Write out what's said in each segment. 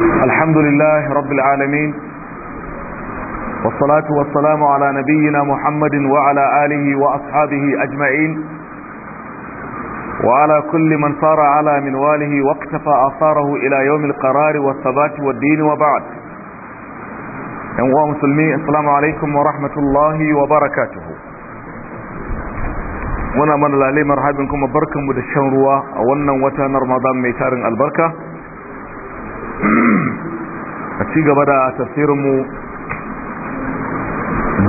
الحمد لله رب العالمين والصلاة والسلام على نبينا محمد وعلى آله وأصحابه أجمعين وعلى كل من صار على منواله واقتفى أثاره إلى يوم القرار والثبات والدين وبعد أنواع مسلمين السلام عليكم ورحمة الله وبركاته muna mana lalai marhabin kuma barkanmu da shan ruwa a wannan wata na Ramadan mai tarin albarka a ci gaba da tafsirinmu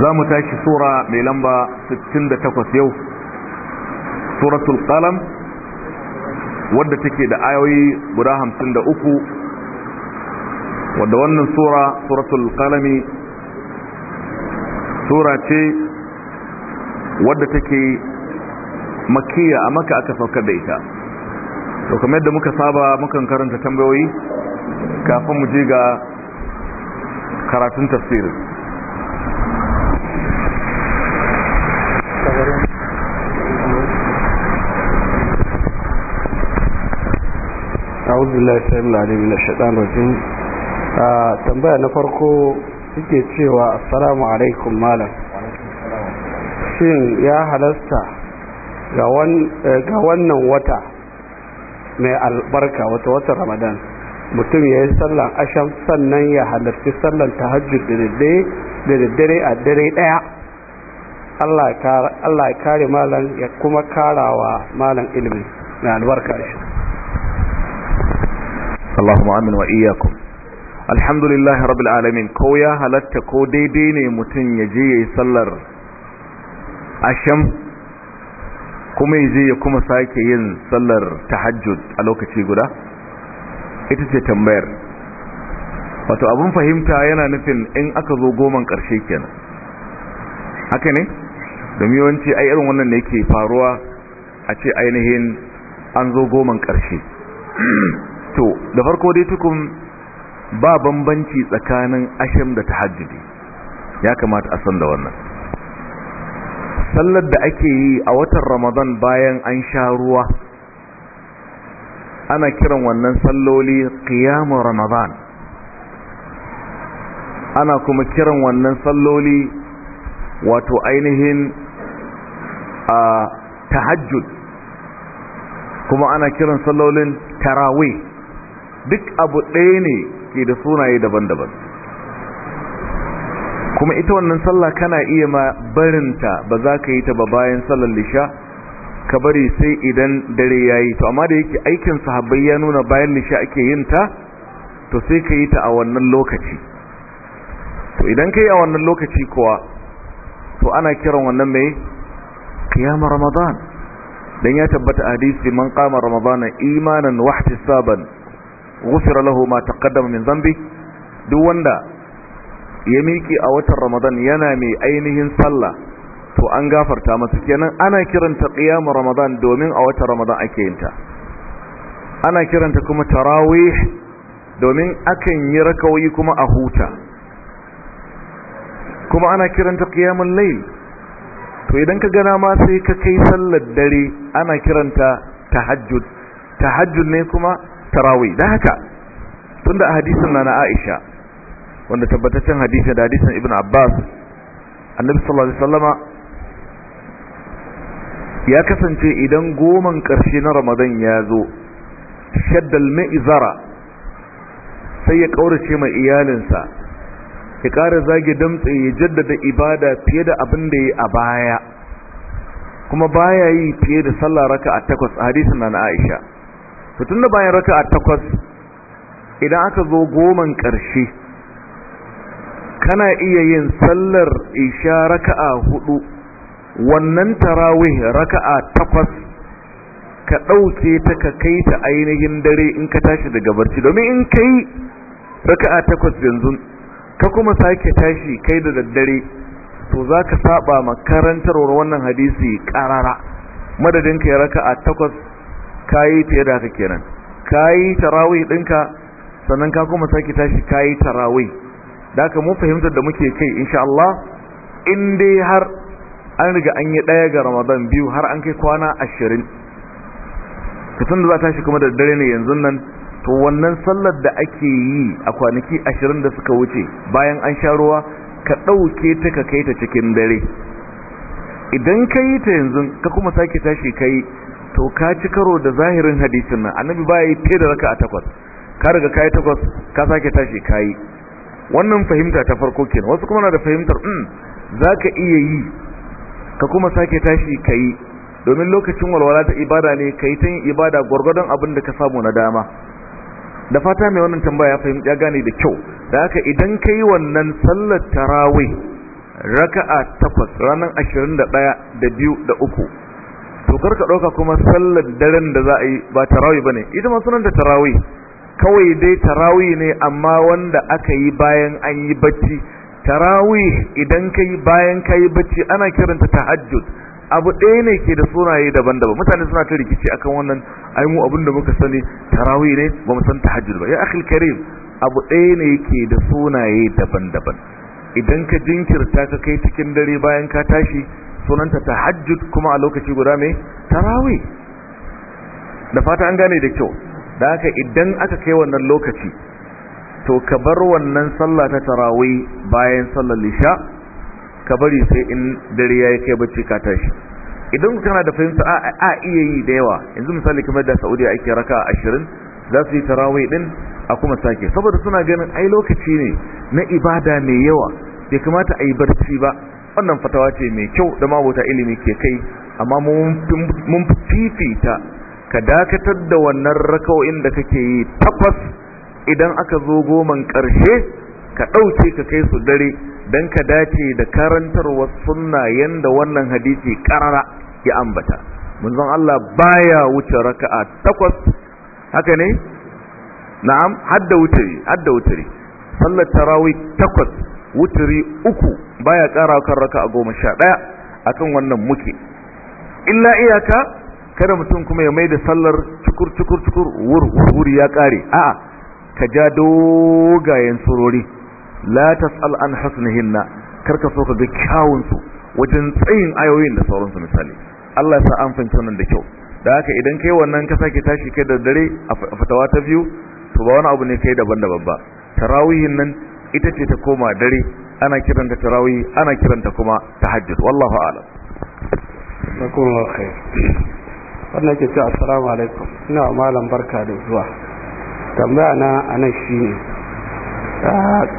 za mu tashi sura mai lamba 68 yau suratul qalam wadda take da ayoyi guda 53 wadda wannan sura suratul qalami sura ce wadda take makiya a maka aka saukar da ita to kamar yadda muka saba mukan karanta tambayoyi kafin mu je ga karatun tafsirin أعوذ بالله السلام na من الشيطان الرجيم tambaya na farko suke cewa assalamu alaikum malam shin ya halasta ga eh, wannan wata mai albarka wata watan ramadan mutum ya yi sallan asham sannan ya halarci sallan tahajjud da daddare a dare ɗaya Allah ya kare malam ya kuma karawa malam ilimi na albarka shi Allahumma amin wa iyakum alhamdulillah rabbil alamin ko ya halatta ko daidai ne mutum ya je ya yi sallar asham kuma ya je ya kuma sake yin sallar tahajjud a lokaci guda ita ce tambayar wato abun fahimta yana nufin in aka zo goman ƙarshe kenan haka ne domin yawanci ai irin wannan ne ke faruwa a ce ainihin an zo goman ƙarshe to da farko dai tukun ba bambanci tsakanin ashim da tahajjudi ya kamata a san da wannan sallar da ake yi a watan ramadan bayan an sha ruwa ana kiran wannan salloli qiyamu ramadan ana kuma kiran wannan salloli wato ainihin a tahajjud kuma ana kiran sallolin tarawih duk abu ɗaya ne ke da sunaye daban-daban kuma ita wannan sallah kana iya ma barinta ba za ka yi ta ba bayan sallar lisha ka bari sai idan dare ya yi to amma da yake aikin sahabbai ya nuna bayan nisha ake yin ta to sai ka yi ta a wannan lokaci to idan ka yi a wannan lokaci kuwa to ana kiran wannan mai kiyama ramadan dan ya tabbata hadisi man qama ramadana imanan wa ihtisaban ghufira lahu ma taqaddama min dhanbi duk wanda ya miki a watan ramadan yana mai ainihin sallah to an gafarta masa kenan ana kiranta qiyam ramadan domin a wata ramadan ake yinta ta ana kiranta kuma tarawih domin akan yi rakawai kuma a huta kuma ana kiranta ƙiyamun layl to idan ka gana ma sai ka kai sallar dare ana kiranta tahajjud tahajjud ne kuma tarawih da haka tunda da hadisin na na Aisha wanda tabbataccen hadisi da hadisin Ibn Abbas annabi sallallahu alaihi wasallama ya kasance idan goman ƙarshe na ramadan ya zo shaddal ma'izara sai ya ƙaurace mai iyalinsa ya ƙara zage damtse ya jaddada ibada fiye da abin da ya a baya kuma baya yi fiye da sallah raka a takwas a hadisun na aisha tun da bayan raka a takwas idan aka zo goman ƙarshe kana iya yin sallar isha a hudu wannan tarawih raka'a takwas ka ɗauke ta ka kai ta ainihin dare in ka tashi daga barci domin in ka raka'a takwas yanzu ka kuma sake tashi kai da daddare to za ka saba makarantarwar wannan hadisi karara madadin ka yi raka'a takwas ka yi ta yadda haka kenan ka yi tarawih ɗinka sannan ka kuma sake tashi ka yi tarawih da aka mun fahimtar da muke kai insha Allah in dai har an riga an yi ɗaya ga ramadan biyu har an kai kwana ashirin fitan da za ta shi kuma da dare ne yanzu nan to wannan sallar da ake yi a kwanaki ashirin da suka wuce bayan an sha ruwa ka ɗauke ta ka kai ta cikin dare idan ka yi ta yanzu ka kuma sake tashi ka yi to ka ci karo da zahirin hadisin nan annabi ba yi fiye da raka a takwas ka riga ka yi takwas ka sake tashi ka yi wannan fahimta ta farko kenan wasu kuma na da fahimtar hmm, za ka iya yi ka kuma sake tashi ka yi domin lokacin walwala ta ibada ne ka yi ta yin ibada gwargwadon abin da ka samu na dama da fata mai wannan tambaya fahimci ya gane da kyau da haka idan ka yi wannan sallar tarawih raka'a takwas ranar ashirin da ɗaya da biyu da uku to kar ka ɗauka kuma sallar daren da za a yi ba tarawih ba ne ita masu sunan da tarawih kawai dai tarawih ne amma wanda aka yi bayan an yi bacci tarawih idan kai bayan kai bacci ana kiranta tahajjud abu ɗaya ne ke da sunaye daban-daban mutane suna ta rikici akan wannan ai mu abin da muka sani tarawih ne ba mu san tahajjud ba ya akhil karim abu ɗaya ne ke da sunaye daban-daban idan ka jinkirta ka kai cikin dare bayan ka tashi sunanta tahajjud kuma a lokaci guda mai tarawih da fata an gane da kyau da haka idan aka kai wannan lokaci to ka bar wannan sallah ta tarawih bayan sallar lisha ka bari sai in dare yayi kai bacci ka tashi idan kana da fahimta a iya yi da yawa yanzu misali kamar da Saudi ake raka 20 za su yi tarawih din a kuma sake saboda suna ganin ai lokaci ne na ibada mai yawa bai kamata a yi barci ba wannan fatawa ce mai kyau da mabota ilimi ke kai amma mun fifita ka dakatar da wannan raka'o'in da kake yi takwas idan aka zo goman ƙarshe ka ɗauke ka kai su dare don ka dace da karantarwa sunna yanda wannan hadisi ƙarara ya ambata munzon Allah baya wuce raka'a takwas haka ne na'am hadda wuturi hadda wuturi sallar tarawih takwas wuturi uku baya ƙara kan raka'a goma sha ɗaya akan wannan muke illa iyaka kada mutum kuma ya mai da sallar cukur cukur cukur wur ya ƙare a'a ka ja dogayen surori la tas'al an hasnihinna karka so ka ga kyawun su wajen tsayin ayoyin da sauransu misali Allah ya sa an fahimci wannan da kyau da haka idan kai wannan ka sake tashi kai da dare a fatawa ta biyu to ba wani abu ne kai daban-daban ba tarawihin nan ita ce ta koma dare ana kiranta tarawih ana kiranta kuma tahajjud wallahu a'lam sakon khair wannan ke ce assalamu alaikum ina malam barka da zuwa tambaya na anan shi ne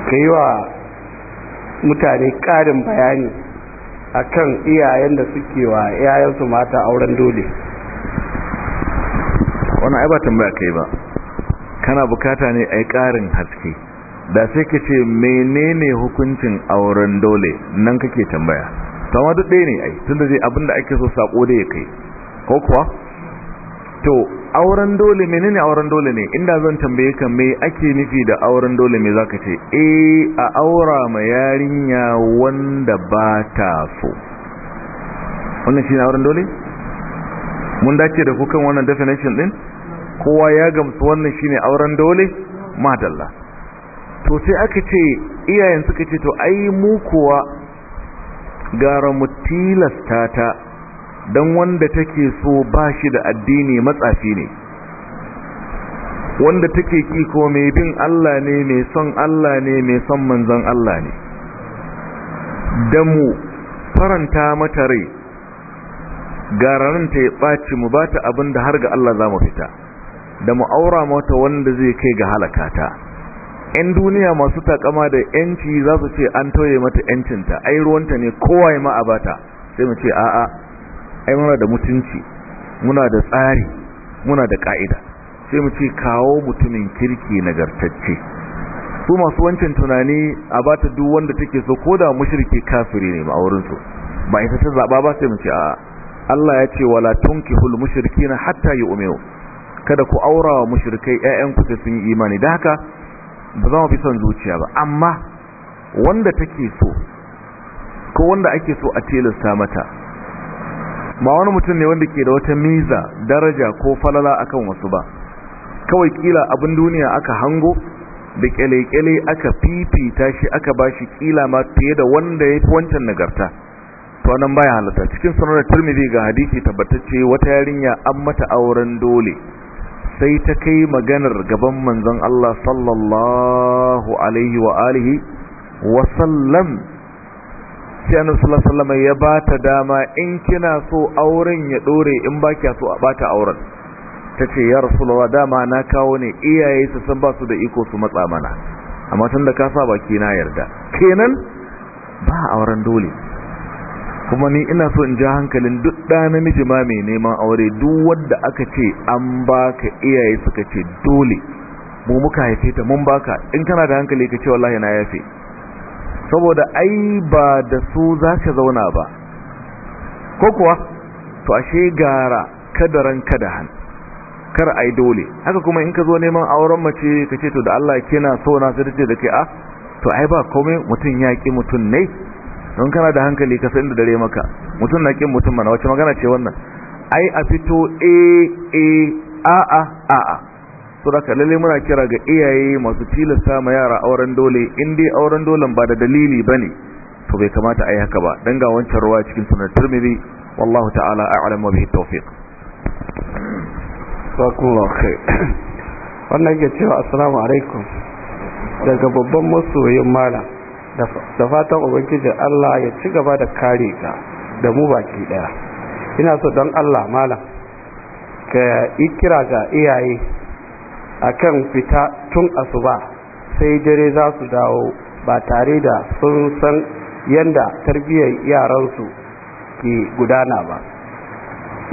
ka yi wa mutane ƙarin bayani a kan iyayen da suke wa iyayensu mata auren dole wani ai ba tambaya yi ba kana bukata ne a yi ƙarin haske da sai ka ce menene hukuncin auren dole nan kake tambaya tamma duk ɗaya ne ai tun da zai abinda ake so sako da ya kai ko kuwa to auren dole menene auren dole ne inda zan tambaye ka me ake nufi da auren dole me zaka ce eh a aura ma yarinya wanda ba ta so wannan shine auren dole mun dace da kukan wannan definition din kowa ya gamsu wannan shine auren dole madalla to sai aka ce iyayen suka ce to ai mu kuwa gara mu tilasta ta don wanda take so bashi da addini matsafi ne wanda take ki ko mai bin Allah ne mai son Allah ne mai son manzon Allah ne da mu faranta mata rai gararanta ya ɓaci mu ba ta abin da har ga Allah za mu fita da mu aura mata wanda zai kai ga halakata ‘yan duniya masu takama da ‘yanci za su ce an toye mata ‘yancinta ai ruwanta ne kowa ya ma sai mu ce a'a ai muna da mutunci muna da tsari muna da ka'ida sai mu ce kawo mutumin kirki nagartacce su masu wancan tunani a bata duk wanda take so ko da mushirki kafiri ne ma wurin su ba ita ta zaba ba sai mu ce a Allah ya ce wala tunkihul mushrikina hatta yu'minu kada ku aura wa mushrikai ƴaƴan ku sai sun yi imani da haka ba za mu fi son zuciya ba amma wanda take so ko wanda ake so a tilasta mata ba wani mutum ne wanda ke da wata miza daraja ko falala akan wasu ba kawai kila abin duniya aka hango da kyale-kyale aka fifita shi aka bashi kila ma fiye da wanda ya fi wancan nagarta to nan baya halatta cikin sanar da turmizi ga hadisi tabbatacce wata yarinya an mata auren dole sai ta kai maganar gaban manzon Allah sallallahu alaihi wa alihi wa sallam sai annabi sallallahu alaihi wasallam ya ta dama in kina so auren ya dore in ba kiya so a bata auren tace ya rasulullah dama na kawo ne iyaye su san ba su da iko su matsa mana amma tunda ka sa baki na yarda kenan ba auren dole kuma ni ina so in ja hankalin duk da namiji ma mai neman aure duk wanda aka ce an baka iyaye suka ce dole mu muka haife ta mun baka in kana da hankali ka ce wallahi na yafe saboda ai ba da su za ka zauna ba ko kuwa to ashe gara kadaran kadahan kar ai dole haka kuma in ka zo neman auren mace ka ce to da Allah kina so na sai ce da kai a ah, to ai ba komai mutum ya ki mutum ne don kana da hankali ka san da dare maka mutum na ki mutum mana wace magana ce wannan ai a fito eh, eh a a a a suraka lalle muna kira ga iyaye masu tilasta ma yara auren dole in dai auren dolen ba da dalili bane to bai kamata ayi haka ba dan ga wancan ruwa cikin sunan Tirmidhi wallahu ta'ala a'lamu bihi tawfiq sakullahu khair wannan ke cewa assalamu alaikum daga babban masoyin malam da fatan ubangiji Allah ya ci gaba da kare ka da mu baki daya ina so don Allah malam ka yi ga iyaye akan fita tun asuba sai dare za su dawo ba tare da sun san yanda tarbiyyar yaransu ke gudana ba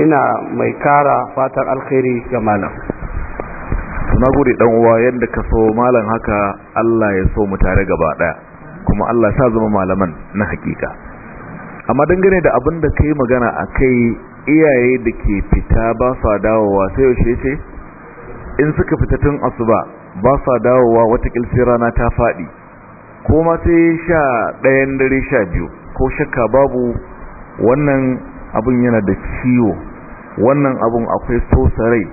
ina mai kara fatan alkhairi ga malam na gode dan uwa yadda ka so malam haka Allah ya so mu tare gaba daya kuma Allah sa zama malaman na hakika amma dangane da abin da kai magana akai iyaye da ke fita ba sa dawowa sai yaushe ce in suka fita tun asuba ba sa dawowa wata sai rana ta faɗi ko ma sai sha ɗayan dare sha biyu ko shakka babu wannan abin yana da ciwo wannan abin akwai sosarai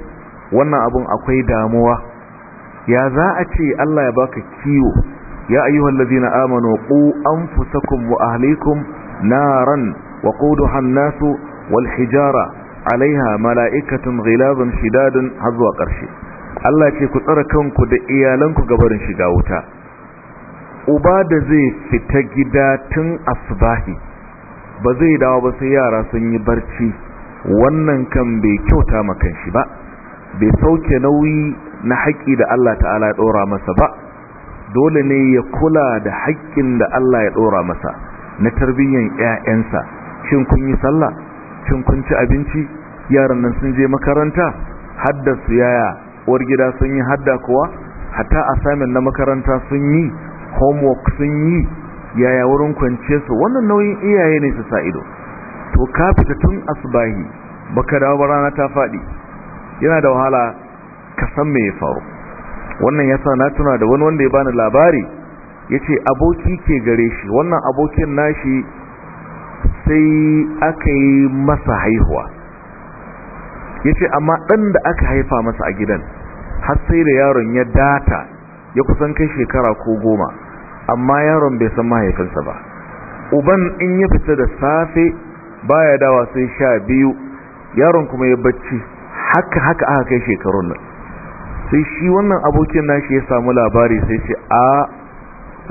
wannan abin akwai damuwa ya za a ce Allah ya baka ciwo? ya ayyuhal ladina amanu qu anfusakum wa ahlikum naran wa quduha an-nasu wal hijara alaiha mala'ikatun ghilazun shidadun har zuwa ƙarshe Allah ce ku tsara kanku da iyalanku gabarin shiga wuta uba da zai fita gida tun asbahi ba zai dawo ba sai yara sun yi barci wannan kan bai kyauta makan shi ba bai sauke nauyi na haƙƙi da Allah ta'ala ya ɗora masa ba dole ne ya kula da haƙƙin da Allah ya ɗora masa na tarbiyyar ƴaƴansa shin kun yi sallah shin kun ci abinci yaran nan sun je makaranta haddasu yaya uwar gida sun yi hadda kuwa hatta assignment na makaranta sun yi homework sun yi yaya wurin kwance su wannan nauyin iyaye ne su sa ido to ka fita tun asbahi baka dawo rana ta faɗi yana da wahala ka san me ya faru wannan yasa na tuna da wani wanda ya bani labari yace aboki ke gare shi wannan abokin nashi sai aka yi masa haihuwa yace amma dan da aka haifa masa a gidan har sai da yaron ya data ya kusan kai shekara ko goma amma yaron bai san mahaifinsa ba uban in ya fita da safe baya dawa sai sha biyu yaron kuma ya bacci haka haka aka kai shekarun nan sai shi wannan abokin nashi ya samu labari sai ce a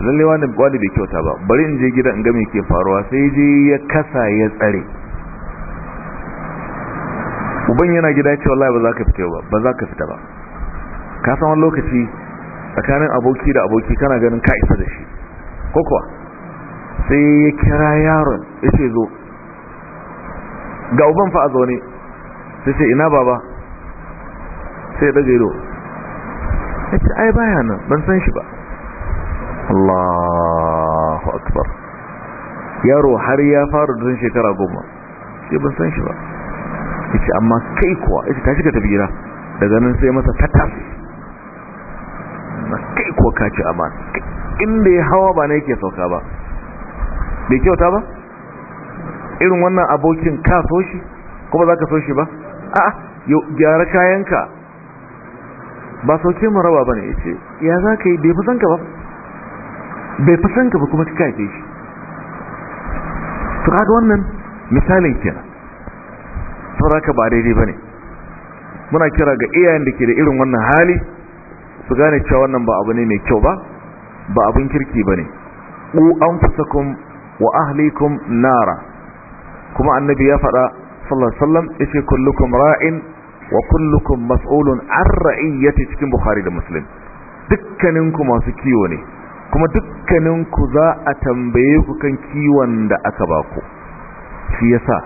lalle wani wani bai kyauta ba bari in je gida in ga me ke faruwa sai je ya kasa ya tsare uban yana gida ya ce wallahi ba za ka fita ba ba za ka fita ba ka san wani lokaci tsakanin aboki da aboki kana ganin ka isa da shi ko kuwa sai ya kira yaron ya ce zo ga uban fa a zaune sai ce ina baba sai ya daga ido ya ce ai baya nan ban san shi ba Allahu akbar yaro har ya fara zan shekara goma sai ban san shi ba ya ce amma kai kuwa ya ce ta shiga tafi gida daga nan sai masa tattafi Ko kaci aman inda ya hawa ba na yake sauka ba bai kyauta ba irin wannan abokin ka so shi kuma za ka so shi ba a gyara kayanka ba sauke ke raba ba ne ya ce ya za ka yi bai fi ka ba bai fi ka ba kuma ka kafe shi to kaga wannan misalin kenan saboda ka ba daidai ba ne muna kira ga iyayen da ke da irin wannan hali su gane cewa wannan ba abu ne mai kyau ba ba abin kirki ba ne ku anfusakum wa ahlikum nara kuma annabi ya faɗa sallallahu alaihi wasallam yace kullukum ra'in wa kullukum mas'ulun an ra'iyyati cikin bukhari da muslim dukkaninku masu kiwo ne kuma dukkaninku za a tambaye ku kan kiwon da aka baku shi yasa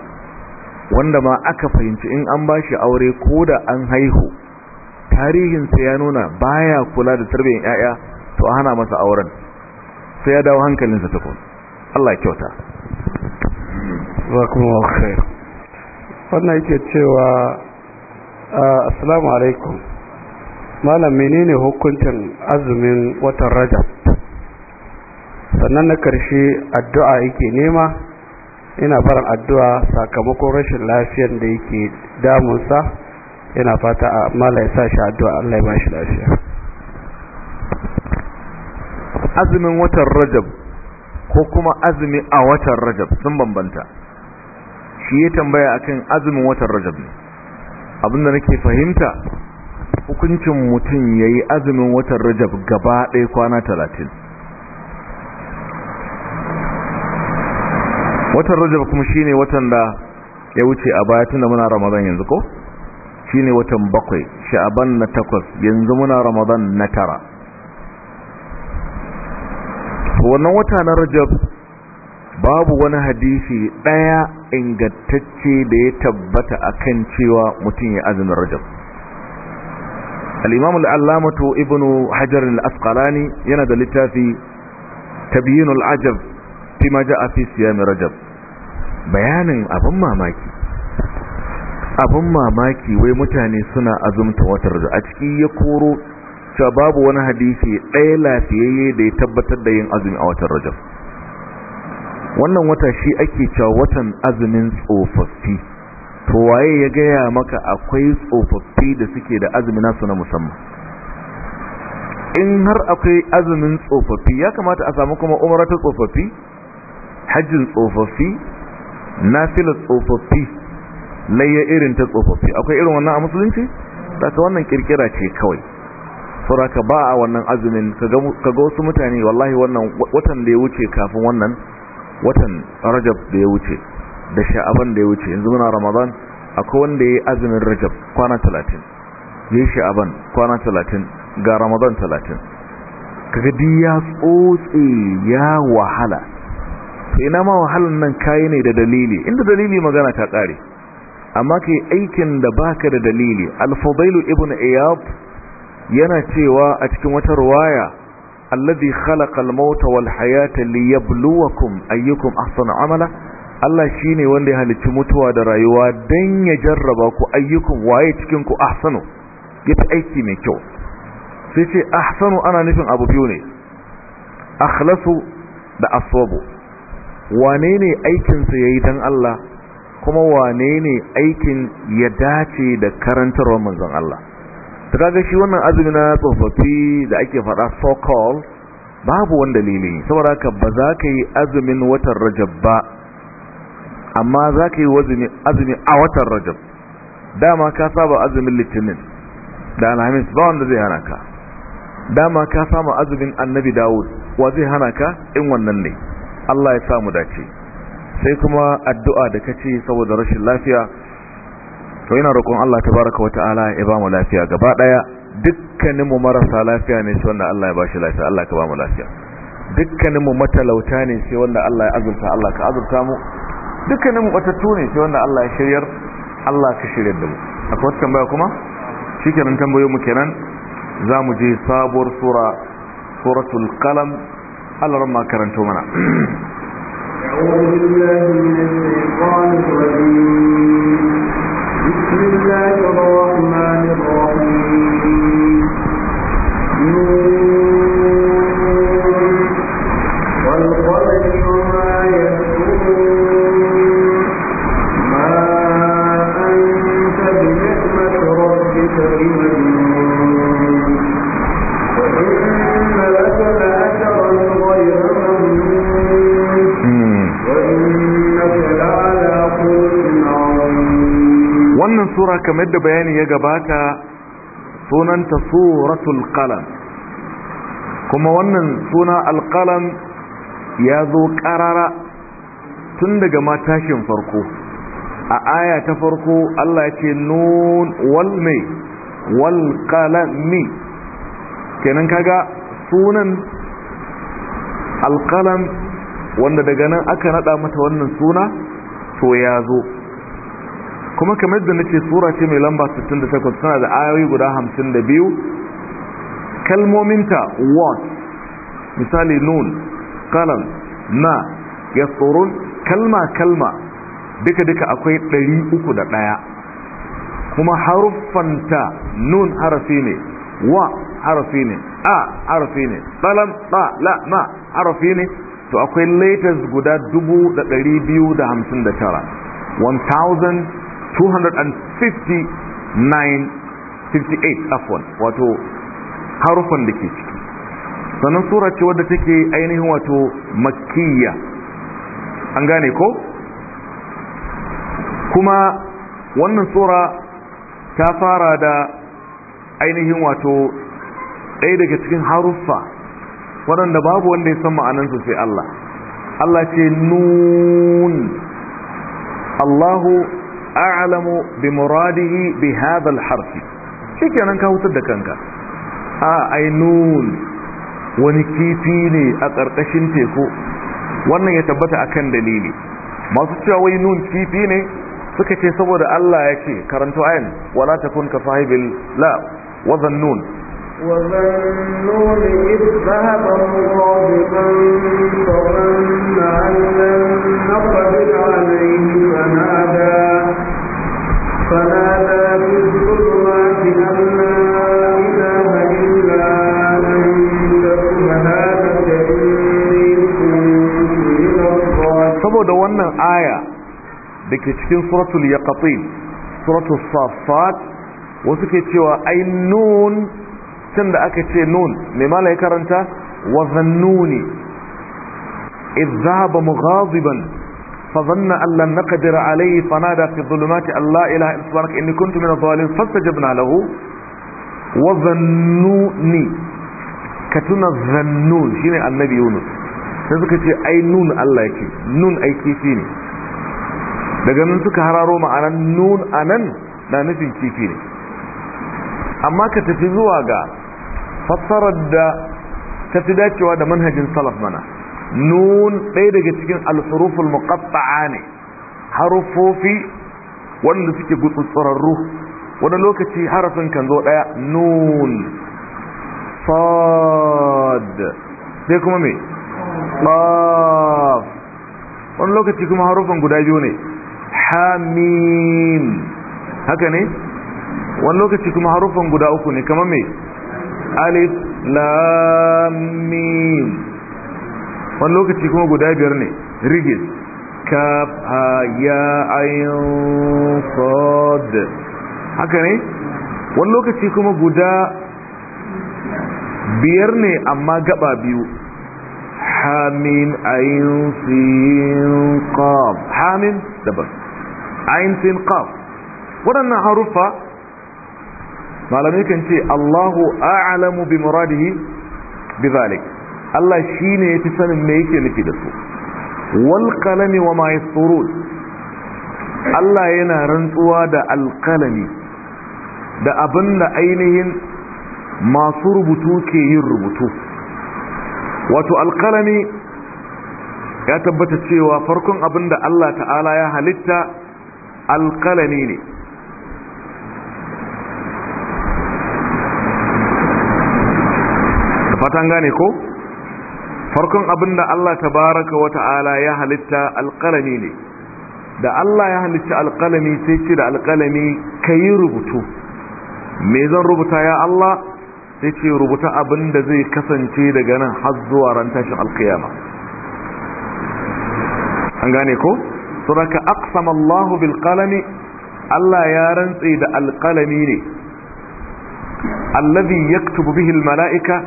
wanda ma aka fahimci in an bashi aure ko da an haihu tarihinsa ya nuna baya kula da tarbiyyar yaya to hana masa auren sai ya dawo hankalinsa ta tukun Allah kyauta zakumullahu khair wannan yake cewa ah, assalamu alaikum malam menene hukuncin azumin watan rajab sannan na karshe addu'a yake nema ina barin addu'a sakamakon rashin lafiyar da yake damunsa yana fata a mala ya sa shi addu'a Allah ya bashi lafiya azumin watan rajab ko kuma azumi a watan rajab sun bambanta shi ya tambaya a kan azumin watan rajab ne abinda nake fahimta hukuncin mutum ya yi azumin watan rajab gaba ɗaya kwana talatin watan rajab kuma shine watan da ya wuce a baya da muna ramadan yanzu ko? shine watan bakwai sha'aban na takwas yanzu muna ramadan na tara wannan wata na rajab babu wani hadisi daya ingantacce da ya tabbata akan cewa mutum ya azumin rajab al-imam al-allamatu ibnu hajar al-asqalani yana da littafi tabyinul ajab fi ma ja'a fi siyam rajab bayanin abin mamaki abin mamaki wai mutane suna azumta watar da a ciki ya koro cewa babu wani hadisi ɗaya lafiyayye da ya tabbatar da yin azumi a watan rajab wannan wata shi ake cewa watan azumin tsofaffi to waye ya gaya maka akwai tsofaffi da suke da azumi nasu na musamman in har akwai azumin tsofaffi ya kamata a samu kuma umarata tsofaffi hajjin tsofaffi nafilar tsofaffi layya irin ta tsofaffi akwai irin wannan a musulunci ka wannan kirkira ce kawai ka ba a wannan azumin kaga wasu mutane wallahi wannan watan da ya wuce kafin wannan watan rajab da ya wuce da sha'aban da ya wuce yanzu muna ramadan akwai wanda ya yi azumin rajab kwana talatin ya yi sha'aban kwana talatin ga ramadan talatin kaga di ya tsotse ya wahala to ina ma wahalan nan kayi ne da dalili inda dalili magana ta kare amma kai aikin da baka da dalili al-fudailu ibn iyab yana cewa a cikin wata ruwaya alladhi khalaqa al-mauta wal hayata liyabluwakum ayyukum ahsanu amala Allah shine wanda ya halicci mutuwa da rayuwa dan ya jarraba ku ayyukum waye cikin ku ahsanu yafi aiki mai kyau sai ce ahsanu ana nufin abu biyu ne akhlasu da aswabu wane ne aikinsa yayi dan Allah kuma wane ne aikin ya dace da karantarwar manzon Allah ta kaga shi wannan azumi na tsofaffi da ake faɗa so call babu wani dalili saboda haka ba za ka yi azumin watan rajab ba amma za ka yi azumi a watan rajab dama ka saba azumin litinin da alhamis ba wanda zai hana ka dama ka saba azumin annabi dawud wa zai hana ka in wannan ne Allah ya samu dace sai kuma addu'a da kace saboda rashin lafiya to ina roƙon Allah wa wata'ala ya ba mu lafiya gaba daya dukkanin mu marasa lafiya ne sai wanda Allah ya bashi lafiya Allah ka ba mu lafiya dukkanin mu matalauta ne sai wanda Allah ya azurta Allah ka azurta mu dukkanin mu batattu ne sai wanda Allah ya shiryar Allah ka shiryar da mu akwai wata tambaya kuma shikenan tambayo mu kenan za mu je sabuwar sura suratul qalam Allah ran ma karanto mana أعوذ بالله من الشيطان الرجيم بسم الله الرحمن الرحيم نور والقدر وما يهدى wannan sura kamar da bayani ya gabata sunanta suratul qalam kuma wannan suna alqalam ya zo karara tun daga matashin farko a aya ta farko Allah ya ce nun wal mai wal qalami kenan kaga sunan alqalam wanda daga nan aka nada mata wannan suna to ya zo kuma kamar da nace sura ce mai lamba 68 tana da ayoyi guda 52 kalmominta what misali nun qalam na yasurun kalma kalma duka duka akwai 301 kuma haruffanta nun harafi ne wa harafi ne a harafi ne qalam ba la ma harafi ne to akwai latest guda 2259 1000 259 afwan wato harufan da ke ciki sannan sura ce wadda take ainihin wato makiyya an gane ko kuma wannan sura ta fara da ainihin wato ɗaya daga cikin haruffa waɗanda babu wanda ya san ma'anansu sai Allah Allah ce nun Allahu a'lamu bi muradihi bi hadha al-harf shikenan ka hutar da kanka a ainun wani kifi ne a ƙarƙashin teku wannan ya tabbata akan dalili masu cewa wai nun kifi ne suka ce saboda Allah ya ce karanto ayan wala takun ka sahibil la wa zannun wa zannun id dhahaba mughadiban fa dhanna an lan naqdir alayhi fanada saboda wannan aya da ke cikin suratul yaqatin suratul safat wasu ke cewa ay nun tun da aka ce nun mai malai karanta wa zannuni idh mughadiban فظن أن لن نقدر عليه فنادى في الظلمات أن لا إله إلا سبحانك إني كنت من الظالمين فاستجبنا له وظنوني كتنا ظنون شيني النبي يونس سنسك أي نون الله يكي نون أي كيفي ne daga nan suka hararo ma'anan nun anan na nufin kifi ne amma ka tafi zuwa ga fassarar da tafi dacewa da manhajin salaf mana nun ɗaya daga cikin alhuruful muqatta'a ne harufofi wanda suke gutsutsararru wani lokaci harafin kan zo ɗaya nun sad sai kuma me qaf wani lokaci kuma harufan guda biyu ne hamim haka ne wani lokaci kuma harufan guda uku ne kamar me alif lam wani lokaci kuma guda biyar ne rigis kaf ha ya ayin sod haka ne wani lokaci kuma guda biyar ne amma gaba biyu hamin ayin sin qaf hamin dabar ayin sin qaf waɗannan harufa malamai kan ce Allahu a'alamu bi muradihi bi zalik Allah shi ne ya fi sanin me yake nufi da su wal kalami wa ma yasturun Allah yana rantsuwa da kalami da abin da ainihin masu rubutu ke yin rubutu wato kalami ya tabbata cewa farkon abin da Allah ta'ala ya halitta kalami ne fatan gane ko? farkon abin da Allah tabaraka wa ta'ala ya halitta alƙalami ne da Allah ya halitta alƙalami sai ce da alƙalami ka yi rubutu me zan rubuta ya Allah sai ce rubuta abin da zai kasance daga nan har zuwa ran tashin alƙiyama an gane ko suraka aqsam Allahu bil qalami Allah ya rantse da alƙalami ne allazi yaktubu bihi al mala'ika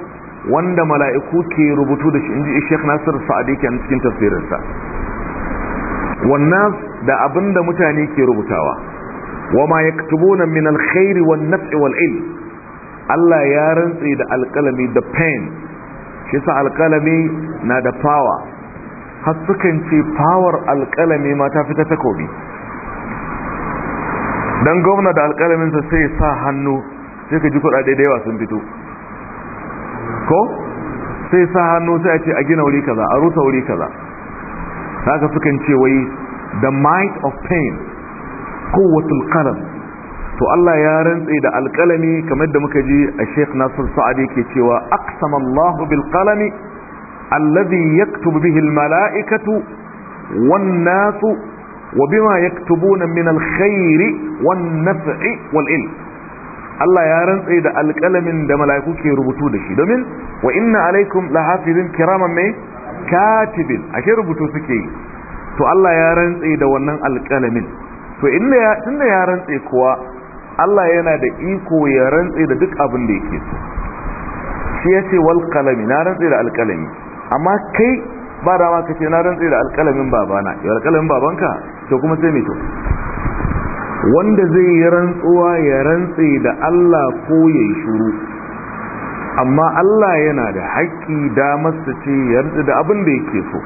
wanda mala'iku ke rubutu da shi inji ishek Nasir Sa'adi ke cikin tafsirinsa wannan da abin da mutane ke rubutawa Wa wama yaktubuna min alkhairi wa naf'i wal Allah ya rantsi da alkalami da pen shi sa alkalami na da power har sukan ce power alkalami ma ta fita takobi Don gwamna da alkalaminsa sai sa hannu sai ka ji kuɗaɗe da yawa sun fito ko sai sa hannu sai a ce a gina wuri kaza a rusa wuri kaza haka sukan ce wai the might of pain kowatul qalam to Allah ya rantse da alƙalami kamar da muka ji a Sheikh Nasir Sa'adi ke cewa aqsama Allah bil qalami alladhi yaktubu bihi al mala'ikatu wan nasu wa bima yaktubuna min al khairi wan naf'i wal ilm Allah ya rantse da alƙalamin da mala'iku ke rubutu da shi domin wa inna alaikum hafizin kiraman mai katibin ake rubutu suke yi to Allah ya rantse da wannan alƙalamin to inda ya tunda rantse kuwa Allah yana da iko ya rantse da duk abin da yake so shi yace wal qalami na rantse da alƙalami amma kai ba da ma kace na rantse da alƙalamin babana ya alƙalamin babanka to kuma sai me to wanda zai yi rantsuwa ya rantse da Allah ko ya yi shuru amma Allah yana da haƙƙi damarsa ce ya rantse da abin da yake so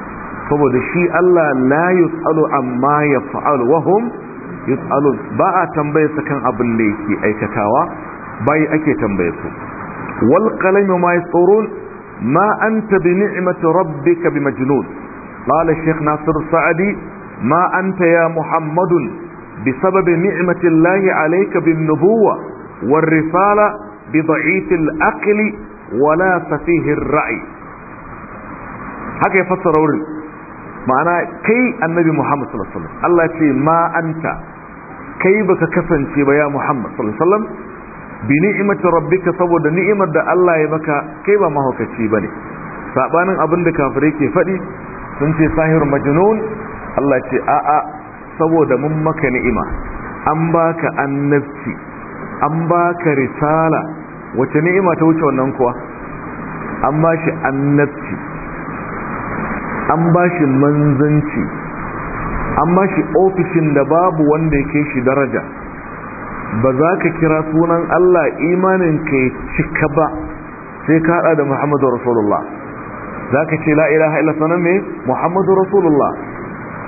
saboda shi Allah la tsalo amma ya fa'alu wahum tsalo ba a su kan abin da yake aikatawa bai ake tambayarsu wal qalami ma tsoron ma an tabi bi rabbi ka bi majnun qala shek Nasiru sa'adi ma ta ya muhammadun بسبب نعمة الله عليك بالنبوة والرسالة بضعيف الأقل ولا سفيه الرأي haka ya fassara wurin ma'ana kai annabi muhammad sallallahu Allah ce ma anta kai baka kasance ba ya muhammad sallallahu alaihi wasallam bi ni'imati rabbika saboda ni'imar da Allah ya maka kai ba mahaukaci ba ne. abin abinda kafirai ke faɗi sun ce sahir majnun Allah ce a'a saboda mun maka ni'ima an baka annabci an baka risala wace ni'ima ta wuce wannan kuwa an ba shi annabci an ba shi manzanci an ba shi ofishin da babu wanda yake shi daraja ba za ka kira sunan Allah imanin ka cika ba sai ka hada da Muhammadu Rasulullah za ka ce la ilaha sanar sanan Muhammadu Rasulullah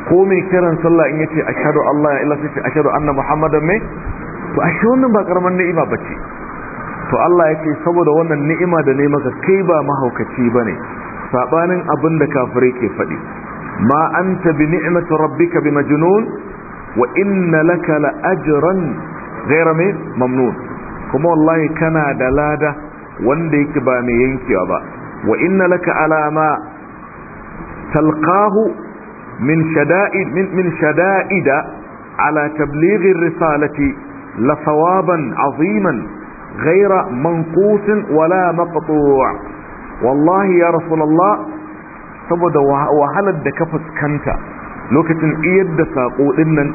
ko mai kiran sallah in yace ashhadu allah illa sai ashhadu anna muhammadan me? to ashe wannan ba karaman ni'ima bace to allah yake saboda wannan ni'ima da ne maka kai ba mahaukaci bane sabanin abin da kafire ke faɗi ma anta bi ni'mati rabbika bi majnun wa inna laka la ajran ghayra mamnun kuma wallahi kana da lada wanda yake ba mai yankewa ba wa inna laka alama talqahu من شدائد من, من شدائد على تبليغ الرسالة لصوابا عظيما غير منقوص ولا مقطوع والله يا saboda wahalar da ka fuskanta lokacin iyar da saƙo ɗinnan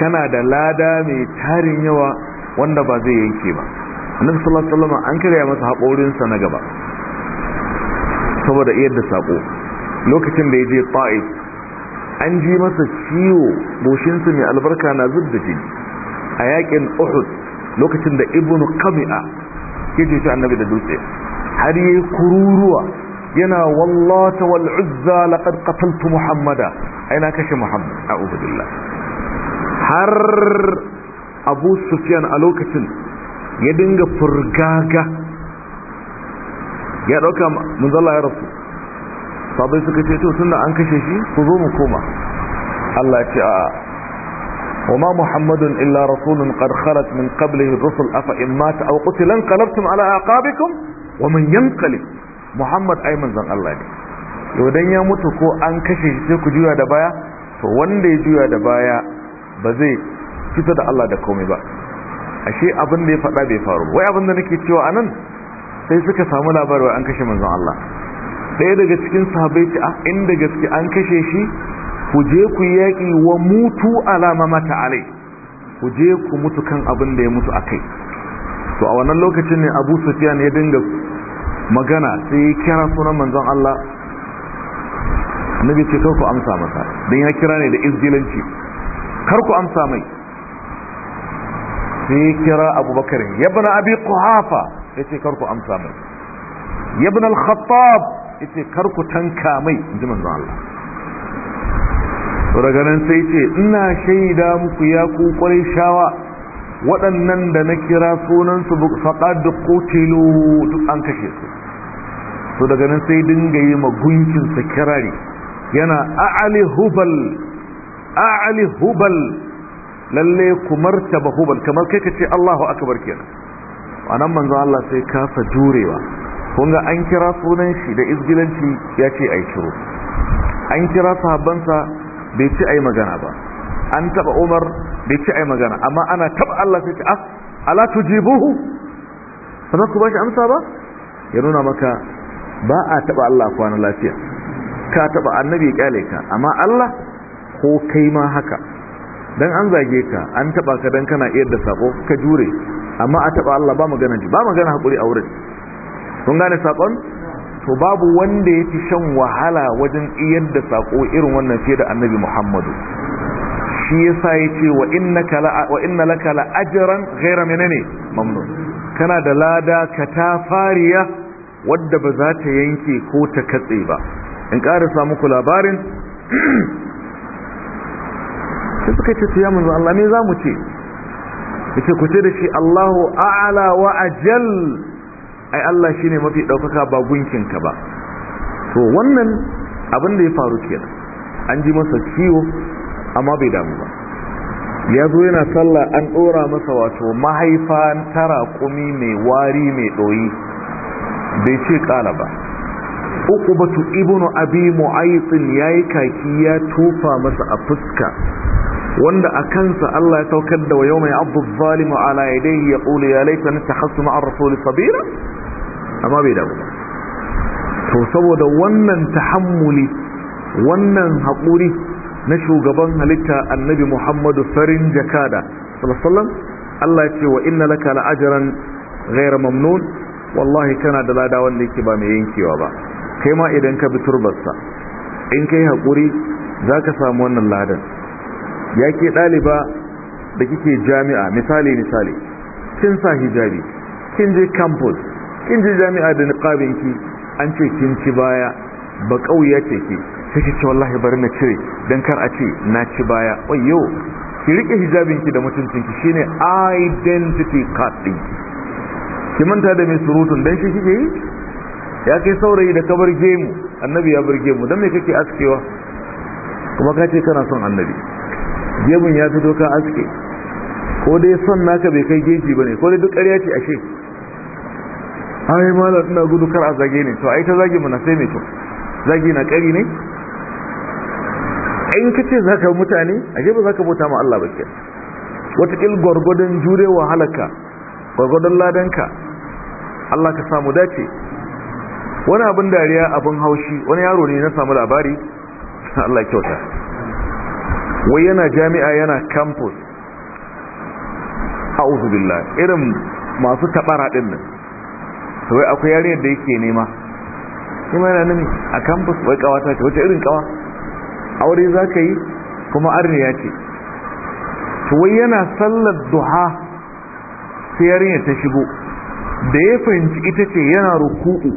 kana da lada mai tarin yawa wanda ba zai yanke ba annabi sallallahu alaihi wasallam an karya masa haƙorinsa na gaba saboda iyar da lokacin da ya je ta'if an ji masa ciwo goshinsa mai albarka na zub da jini a yakin uhud lokacin da ibn qami'a ke ce annabi da dutse har yi kururuwa yana wallata wal uzza laqad qataltu muhammada aina kashe muhammad a'udhu billah har abu sufyan a lokacin ya dinga furgaga ya dauka manzala ya rasu sabai suka ce to tunda an kashe shi ku zo mu koma Allah ya ce a wa ma muhammadun illa rasulun qad khalat min qablihi rusul afa in mata aw qutila qalabtum ala aqabikum wa man yanqalib muhammad ay manzon Allah ne yau dan ya mutu ko an kashe shi sai ku juya da baya to wanda ya juya da baya ba zai fita da Allah da komai ba ashe abin da ya faɗa bai faru wai abin da nake cewa anan sai suka samu labarin an kashe manzon Allah ɗaya daga cikin sahabai ce ah, inda gaske an kashe shi ku je ku yaƙi wa mutu alama mata alai ku je ku mutu kan abin da ya mutu a kai to a wannan lokacin ne abu sufiyan ya dinga magana sai ya kira sunan manzon Allah annabi ce kar ku amsa masa don ya kira ne da izgilanci kar ku amsa mai sai ya kira abubakar ya abi kuhafa ya ce kar ku amsa mai ya khattab ita kar ku tanka mai ji manzo Allah to daga nan sai ce ina shaida muku ya ku shawa waɗannan da na kira sunansu su faqad qutilu duk an kashe su to daga nan sai dinga yi magunkin sa kirari yana a'ali hubal a'ali hubal lalle ku martaba hubal kamar kai kace Allahu akbar kenan anan manzo Allah sai kasa jurewa Kunga an kira sunan shi da izgilanci ya ce a yi an kira sahabbansa bai ci a magana ba an taba umar bai ci a magana amma ana taba allah sai ce ah ala tujibuhu ba za ku ba shi amsa ba ya nuna maka ba a taba allah kwana lafiya ka taba annabi kyale ka amma allah ko kai ma haka dan an zage ka an taba ka dan kana iya da sako ka jure amma a taba allah ba magana ji ba magana hakuri a wurin Sun gane sakon to babu wanda ya fi shan wahala wajen iyar da sako irin wannan fiye da annabi muhammadu shi ya sa ya ce wa ina laka la'ajiran gaira menene mamnun kana da lada ka ta fariya wadda ba za ta yanke ko ta katse ba in samu muku labarin sai suka ce ya yamun zuwa me za mu ce ita ku ce da shi Allahu a'ala wa ajal ai Allah shine mafi ɗaukaka ba gunkinka ba to wannan abin da ya faru kenan an ji masa ciwo amma bai damu ba ya zo yana sallah an ɗora masa wato mahaifa tara kumi mai wari mai doyi bai ce kala ba uqbatu ibnu abi mu'aytin yayi kaki ya tufa masa a fuska wanda a kansa Allah ya saukar da wa yawma ya'dhu adh-dhalimu ala yadayhi yaqulu ya laitani takhassu ma'a ar sabila amma bai dawo to saboda wannan tahammuli wannan haƙuri na shugaban halitta annabi Muhammadu farin jakada sallallahu Allah ya ce wa inna laka la'ajran ghayra mamnun wallahi kana da lada wanda yake ba mai yankewa ba kai ma idan ka bi turbarsa in kai haƙuri zaka samu wannan ladan ya ke ɗaliba da kike jami'a misali misali kin sa hijabi kin je campus kin je jami'a da niqabinki an ce kin ci baya ba ƙauya ce ki ce wallahi bari na cire dan kar a ce na ci baya yau, ki rike hijabinki da mutuncinki shine identity card din ki manta da mai surutun dan shi kike yi ya kai saurayi da ka bar gemu annabi ya bar gemu dan me kake askewa kuma ka ce kana son annabi gemun ya fito ka aske ko dai son naka bai kai geji ba ne ko dai duk ƙarya ce ashe ai mala ina gudu kar a zage ne to ai ta zage mana sai mai kyau zage na ƙari ne in ka ce za ka mutane a ba za ka bauta ma Allah bakin. Wataƙil gwargwadon jure wa halaka gwargwadon ladanka Allah ka samu dace wani abin dariya abin haushi wani yaro ne na samu labari Allah kyauta wai yana jami'a yana campus a'udhu billah irin masu tabara din nan to wai akwai yare da yake nema kuma yana nemi a campus wai kawata ce wace irin kawa aure zaka yi kuma ya ce to wai yana sallar duha sai yariyar ta shigo da ya fahimci ita ce yana ruku'u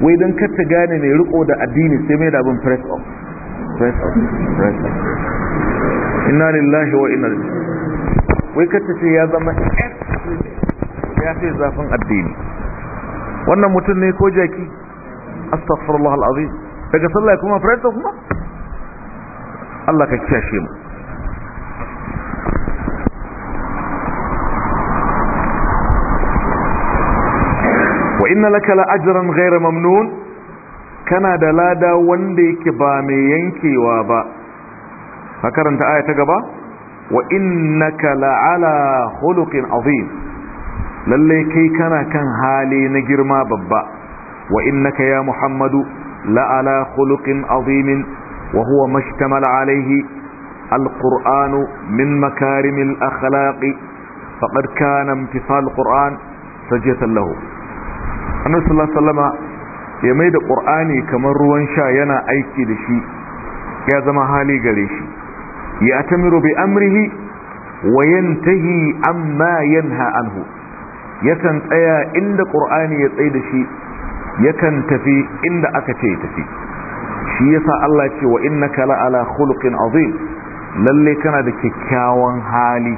wai don kar ta gane mai riko da addini sai mai da abin press up rise up rise up inna lillahi wa inna ilaihi wai ka tace ya zama ya fi zafin addini wannan mutum ne ko jaki astaghfirullah alazim daga sallah kuma faranta kuma Allah ka kiyashe mu wa inna laka la ajran ghayra mamnun kana da lada wanda yake ba mai yankewa ba a karanta aya ta gaba wa innaka la'ala hulukin azim lalle kai kana kan hali na girma babba wa innaka ya muhammadu la'ala hulukin azimin wa huwa mashtamal alaihi alƙur'anu min makarimin الأخلاق فقد na امتثال alƙur'an سجية له النبي صلى الله عليه ya mai da ƙur'ani kamar ruwan sha yana aiki da shi ya zama hali gare shi ya miro bai amrihi wa yantahi amma yanha anhu yakan tsaya inda ƙur'ani ya tsaye da shi yakan tafi inda aka ce tafi shi yasa Allah ce wa kala la'ala khuluqin azim lalle kana da kyakkyawan hali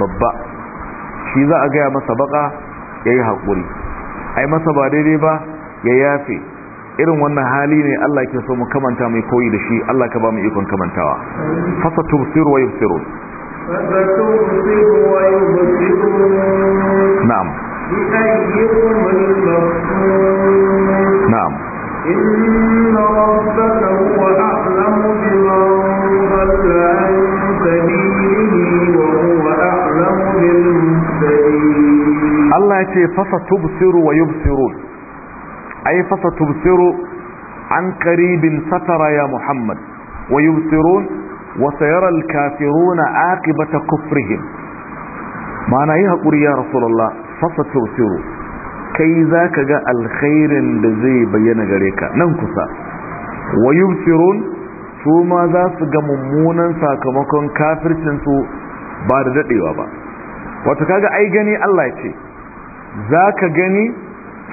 babba shi za a gaya masa baka yayi haƙuri ai masa ba daidai ba ya yafe irin wannan hali ne Allah ke so mu kamanta mai koyi da shi Allah ka ba mu ikon kamantawa fasa tubsiru wa yubsirun na'am na'am inna rabbaka huwa a'lamu biman dhalla an sabilihi wa huwa a'lamu bil muhtadin Allah ya ce fasa tubsiru wa yubsirun ai fasa tubsiru an karibin satara ya muhammad wa yubsirun wa sayara alkafiruna aqibata kufrihim mana yi haƙuri ya rasulallah fasa tubsiru kai za ka ga alkhairin da zai bayyana gare ka nan kusa wa suma za su ga mummunan sakamakon kafircinsu ba da daɗewa ba wata kaga ai gani Allah ce za ka gani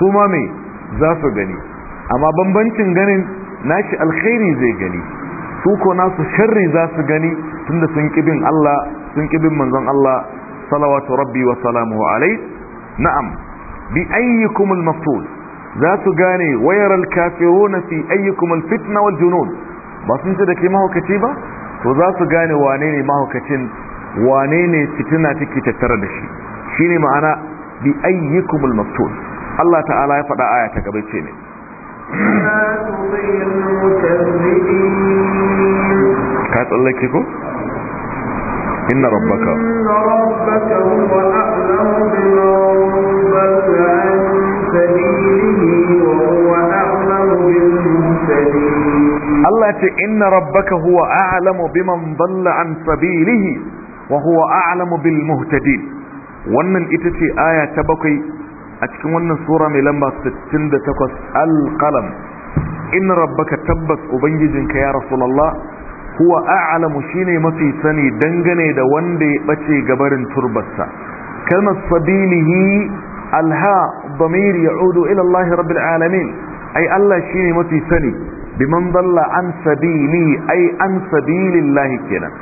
suma ma mai za su gani amma bambancin ganin nashi alkhairi zai gani su ko nasu sharri za su gani tunda sun kibin Allah sun kibin manzon Allah salawatu rabbi wa salamuhu alai na'am bi ayyukum al za su gane wayar al-kafiruna fi ayyukum al-fitna wal junun ba sun ce da ke mahaukaci ba to za su gane wane ne mahaukacin wane ne fitina take tattare da shi shine ma'ana bi ayyukum al-maftul Allah ta'ala ya faɗa aya ta gaba ce ne ka tsallake ko inna rabbaka inna rabbaka huwa a'lamu biman balla an sabilihi wa huwa a'lamu bil Allah ce inna rabbaka huwa a'lamu biman dalla an sabilihi wa huwa a'lamu bil muhtadin wannan ita ce aya ta bakwai a cikin wannan sura mai lamba 68 alqalam in rabbaka tabbas ubangijinka ya rasulullah huwa a'lamu shine mafi sani dangane da wanda ya bace gabarin turbarsa kalmar sabilihi alha damir ya'udu ila ilallahi rabbil alamin ai Allah shine mafi sani biman dalla an sabili ai an sabilillahi kenan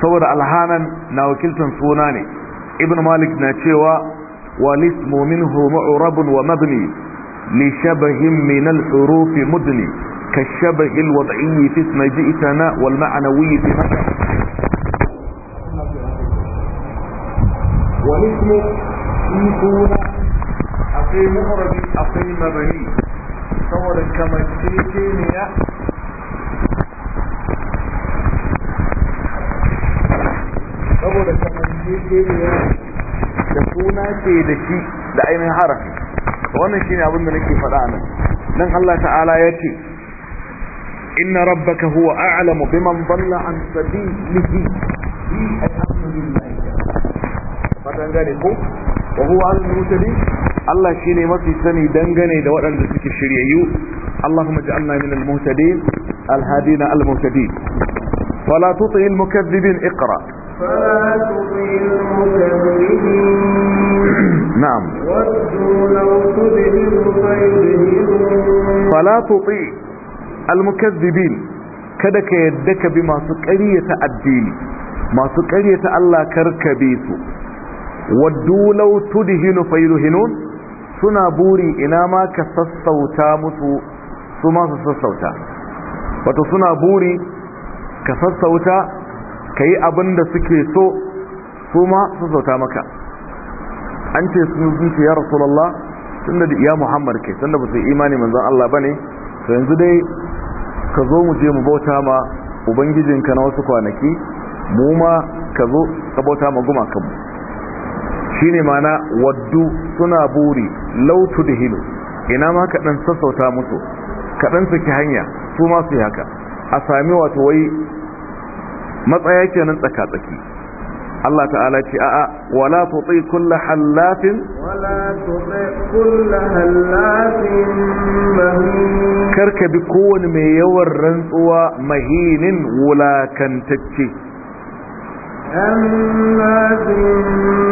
saboda alhanan na wakiltan suna ne ibn malik na cewa والاسم منه معرب ومبني لشبه من الحروف مدني كالشبه الوضعي في اسم جئتنا والمعنوي في مكة والاسم يكون أقي مغربي أقي مبني صورا كما كيمياء صور كما كيمياء suna ce da shi da ainihin harafi wannan shine abin da nake faɗa nan nan Allah ta'ala ya ce inna rabbaka huwa a'lamu biman dalla an sabilihi fi alhamdulillah fatan gane ko wa huwa al-mutadi Allah shine mafi sani dangane da waɗanda suke shiryayyu اللهم اجعلنا من المهتدين الهادين المهتدين ولا تطع المكذبين اقرأ نعم فلا تطيع المكذبين كدك يدك بما سكرية الدين ما سكرية الله كركبيته ودو لو تدهن فيدهنون سنا بوري إناما كسستوتا مسو سما سستوتا وتو سنا بوري كسستوتا ka yi abin da suke so su ma su sauta maka an ce sun zuce ya rasulallah tun da ya muhammad ke tun da ba su imani manzan Allah ba ne su yanzu dai ka zo mu je mu bauta ma ubangijinka na wasu kwanaki mu ma ka zo ka bauta ma gumakanmu shi ne mana waddu suna buri lautu da hilo ina ma kaɗan sassauta musu kaɗan suke hanya su ma su yi haka a sami wato wai matsaya kenan tsaka tsaki Allah ta'ala ce a'a wala tuti kullu hallafin wala tuti kullu hallafin mahin karka bi kowane mai yawan rantsuwa mahinin wulakantacce hammazin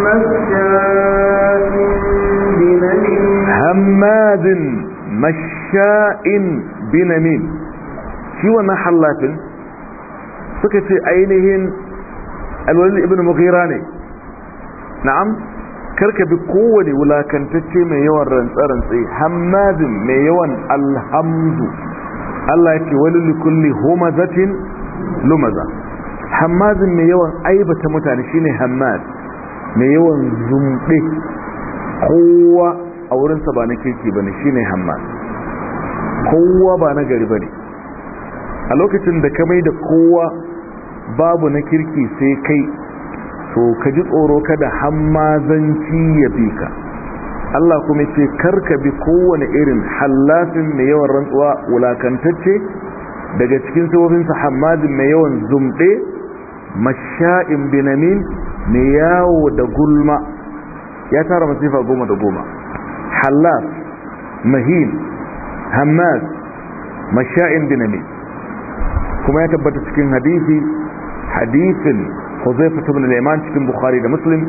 masha'in hammazin masha'in binamin shi wannan hallafin suka ce ainihin alwalid ibn mughira ne na'am karka bi kowane wulakantacce mai yawan rantsa rantsi. hammazin mai yawan alhamdu Allah yake wani likulli homazatin lumaza hamadin mai yawan aibata mutane shine Hamad. mai yawan zumbe kowa a wurinsa ba na kirki ba ne shine Hamad. kowa ba na gari ba ne a lokacin da ka mai da kowa babu na kirki sai kai to ka ji tsoro kada hammazanci ya bi ka Allah kuma ce karka bi kowane irin hallafin mai yawan rantsuwa wulakantacce daga cikin sabobinsa hammadin mai yawan zumbe masha'in binamin mai yawo da gulma ya tara masifa goma da goma hallaf mahin hamas, masha'in binamin kuma ya tabbata cikin hadisi hadisin Huzaifa ibn Sulaiman cikin Bukhari da Muslim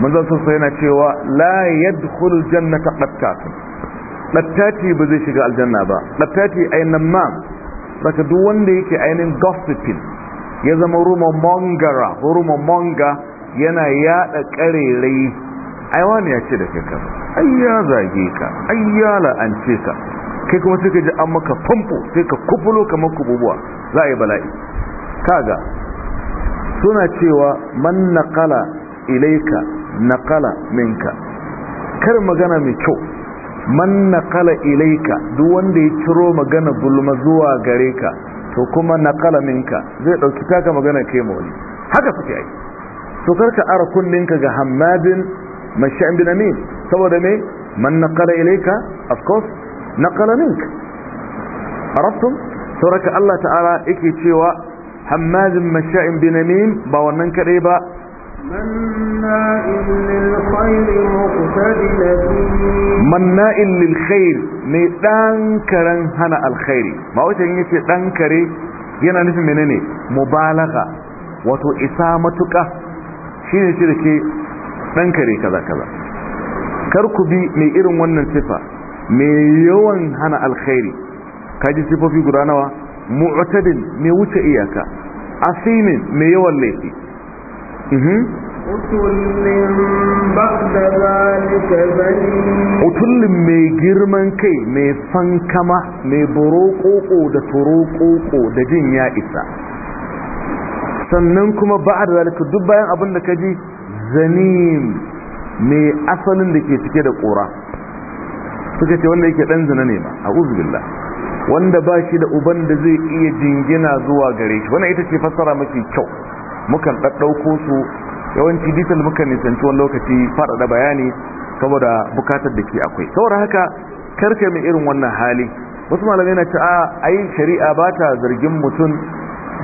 manzon sun yana cewa la yadkhulu jannata qattatun qattati ba zai shiga aljanna ba qattati ainihin ma saka duk wanda yake ainihin gossiping ya zama rumor mongera rumor monga yana yada karerai ai ya ce da kanka ai ya zage ka ai ya la'ance ka kai kuma sai ka ji an maka famfo sai ka kufulo kamar kububuwa za a yi bala'i kaga suna cewa man naqala ilaika naqala minka kar magana mai kyau man naqala ilaika duk wanda ya ciro magana gulma zuwa gare ka to kuma naqala minka zai dauki taka magana kai mu wani haka suke ai to karka ara kunninka ga hammadin mashi'in bin amin saboda me man naqala ilaika of course naqala minka arabtum sauraka Allah ta'ala yake cewa hammazin masha'in binamim ba wannan kaɗai ba manna'in lil khair mai dan karen hana alkhairi ba wace yin yace dan kare yana nufin menene mubalagha wato isa matuka shine shi da ke dan kare kaza kaza kar ku bi mai irin wannan sifa mai yawan hana alkhairi kaji sifofi guda nawa mu'tadin mai wuce iyaka asimin mai yawan laifi mhm. utullin mai girman kai mai fankama mai burokoko da turokoko da jin ya isa sannan kuma ba da zalika duk bayan abin da ka ji zanim mai asalin da ke cike da ƙura suka ce wanda yake ɗan zina ne ma a uzubillah wanda ba shi da uban da zai iya jingina zuwa gare shi wannan ita ce fassara mafi kyau mukan ɗaɗɗauko su yawanci disal mukan nisanci wani lokaci faɗaɗa bayani saboda bukatar da ke akwai saboda haka karka mai irin wannan hali wasu malamai na ce a ai shari'a ba ta zargin mutum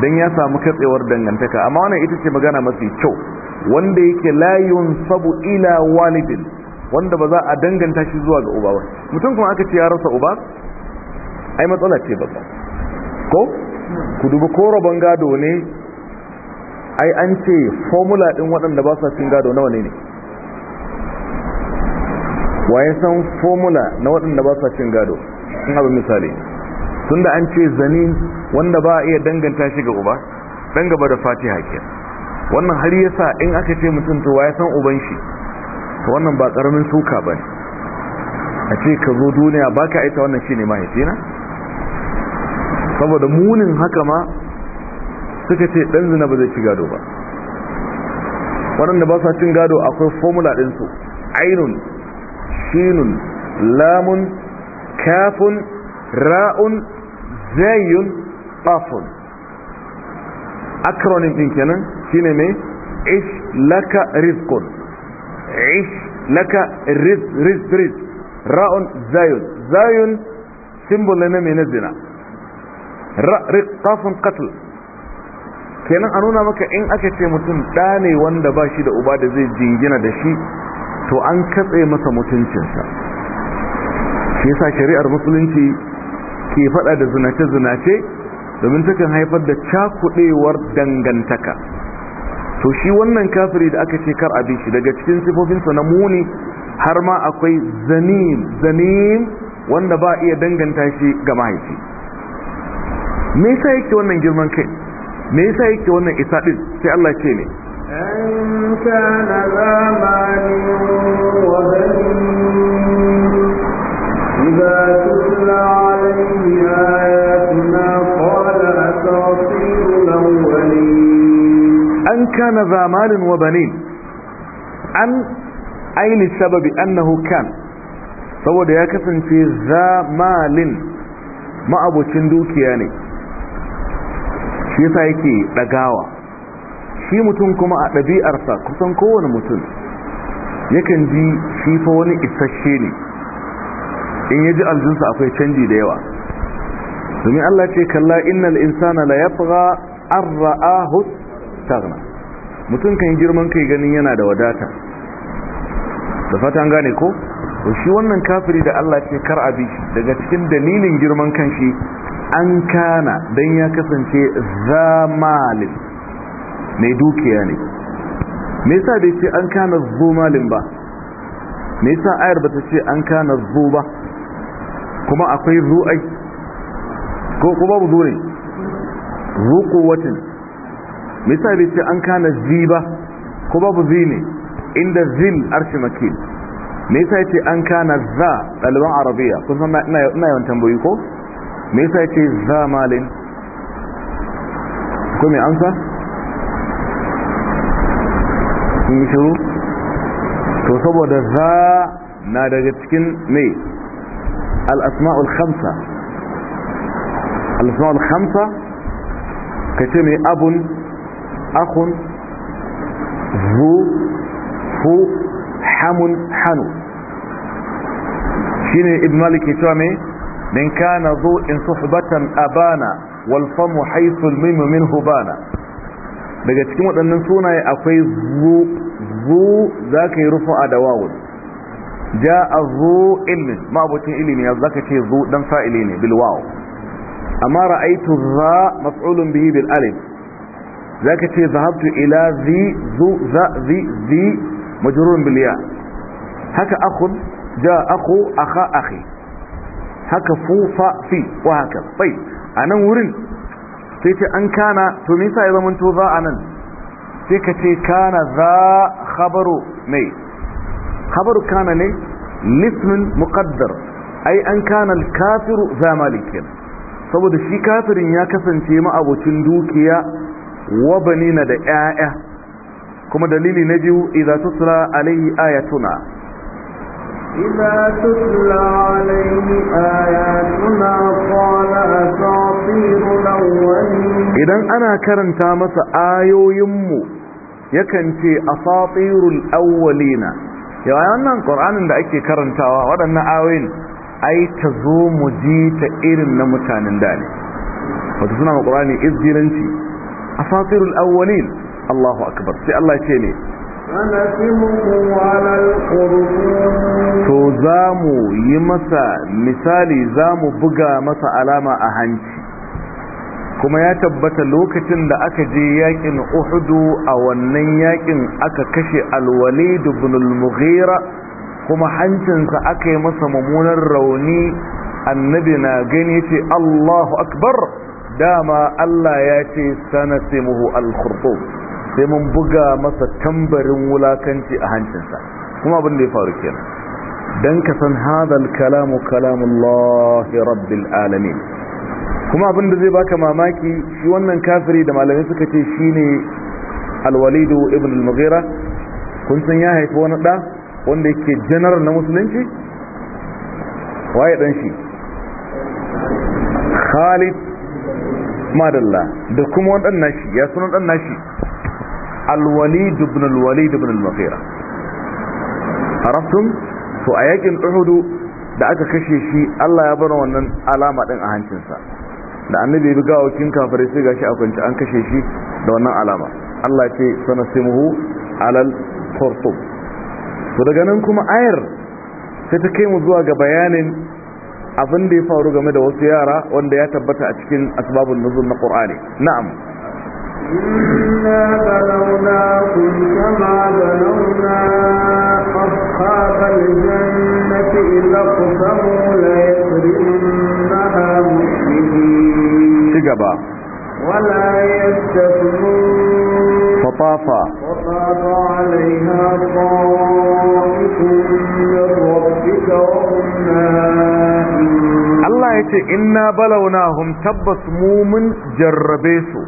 don ya samu katsewar dangantaka amma wannan ita ce magana mafi kyau wanda yake layun sabu ila walidin wanda ba za a danganta shi zuwa ga uba ba mutum kuma aka ce ya rasa uba ai matsala ce babba ko ku dubi ko rabon gado ne ai an ce formula din waɗanda ba sa cin gado nawa ne ne waye san formula na waɗanda ba sa cin gado in abin misali tunda an ce zani wanda ba a iya danganta shi ga uba dan gaba da fatiha ke wannan har yasa in aka ce mutum to waye san uban shi to wannan ba karamin suka bane a ce ka zo duniya baka aita wannan shine mahaifina saboda munin haka ma suka ce dan zina ba zai ci gado ba waɗanda ba sa cin gado akwai formula ɗinsu ainun shinun lamun kafun ra'un zayun ƙafun acronym ɗin kenan shine mai ish laka rizkun ish laka riz riz riz ra'un zayun zayun simbol na mai na zina kafin katil kenan a nuna maka in aka ce mutum ɗa ne wanda ba shi da uba da zai jingina da shi to an katse masa mutuncinsa shi yasa shari'ar musulunci ke faɗa da zinace-zinace domin takan haifar da cakuɗewar dangantaka to shi wannan kafiri da aka ce kar abin shi daga cikin sifofinsa na muni har ma akwai zanim zanim wanda ba iya danganta shi ga mahaifi me yasa yake wannan girman kai me yasa yake wannan isa din sai Allah ce ne an kana zamani wa idza alayhi ayatuna qala an kana zamanin wa banin an aini sababi annahu kan saboda ya kasance zamalin ma'abucin dukiya ne shi yasa yake ɗagawa shi mutum kuma a ɗabi'arsa kusan kowane mutum yakan ji shi fa wani isasshe ne in ya ji aljinsa akwai canji da yawa domin Allah ce kalla innal insana la yafgha an ra'ahu mutum kan girman kai ganin yana da wadata da fatan gane ko to shi wannan kafiri da Allah ce kar abi daga cikin dalilin girman kanshi an kana don ya kasance zamalin mai dukiya ne me yasa bai ce an kana zumalin ba me yasa ayar ba ta ce an kana zu ba kuma akwai zu'ai ko kuma bu zure zu kuwatin me yasa bai ce an kana zi ba ko babu zi ne inda zil arshi makil me yasa ya ce an kana za ɗaliban arabiya kun san ina yawan tambayi ko me yasa ce za malin ko me amsa in yi shiru to saboda za na daga cikin mai asmaul khamsa al-asma'ul khamsa ka ce abun akun zu fu hamun hanu shine ibn malik ya cewa me. من كان ذو إن صحبة أبانا والفم حيث الميم منه بانا daga cikin waɗannan sunaye akwai zu zu za ka yi rufin a dawawun ja a zu ilmin ma'abucin ilimi ya zaka ce zu dan fa'ili ne bilwawo amma ra'aitu za mas'ulun bihi bil alif za ka ce zahabtu ila zi zu za zi zi majrurun bil ya haka akhun ja akhu akha akhi haka fufa fi ko haka bai a nan wurin sai ce an kana to me yasa ya zama za a nan sai ka ce kana za khabaru ne? khabaru kana ne lismin muqaddar ai an kana kafiru za malikin saboda shi kafirin ya kasance ma'abocin dukiya wa banina da 'ya'ya kuma dalili na biyu idza tusla alaihi ayatuna إذا ana karanta masa قال أساطير yakan ce a fatirul awwalina yawa wannan ƙur'anin da ake karantawa waɗannan ayoyin ai ta zo mu ji ta irin na mutanen da ne wata suna ma ƙorani izgiranci a fatirul awwalin Allahu akbar sai Allah ce ne to za mu yi masa misali za mu buga masa alama a hanci kuma ya tabbata lokacin da aka je yakin uhudu a wannan yakin aka kashe alwale ibn al-mughira kuma hancinsa aka yi masa mummunan rauni annabi na gani ce Allahu akbar dama Allah ya ce sanasimuhu al sai mun buga masa tambarin wulakanci a hancinsa kuma abin da ya faru kenan dan ka san hadal kalamu kalamullahi rabbil alamin kuma abin da zai baka mamaki shi wannan kafiri da malamai suka ce shine alwalidu ibn al-mughira kun san ya haifi wani da wanda yake janar na musulunci waye dan shi khalid madalla da kuma wani dan nashi ya suna dan nashi الوليد بن الوليد بن المغيرة عرفتم سو to a yakin da aka kashe shi Allah ya bar wannan alama din a hancinsa da annabi ya bi gawakin kafirai sai gashi a kwanci an kashe shi da wannan alama Allah ya ce sanasimuhu alal khurtum to daga nan kuma ayar sai ta kai mu zuwa ga bayanin abin da ya faru game da wasu yara wanda ya tabbata a cikin asbabun nuzul na Qur'ani na'am إنا كما الجنة ولا يستثنون فطاف وطاف عليها طائف من ربك وهم نائمون الله يتي إنا بلوناهم تبس مومن جربيسو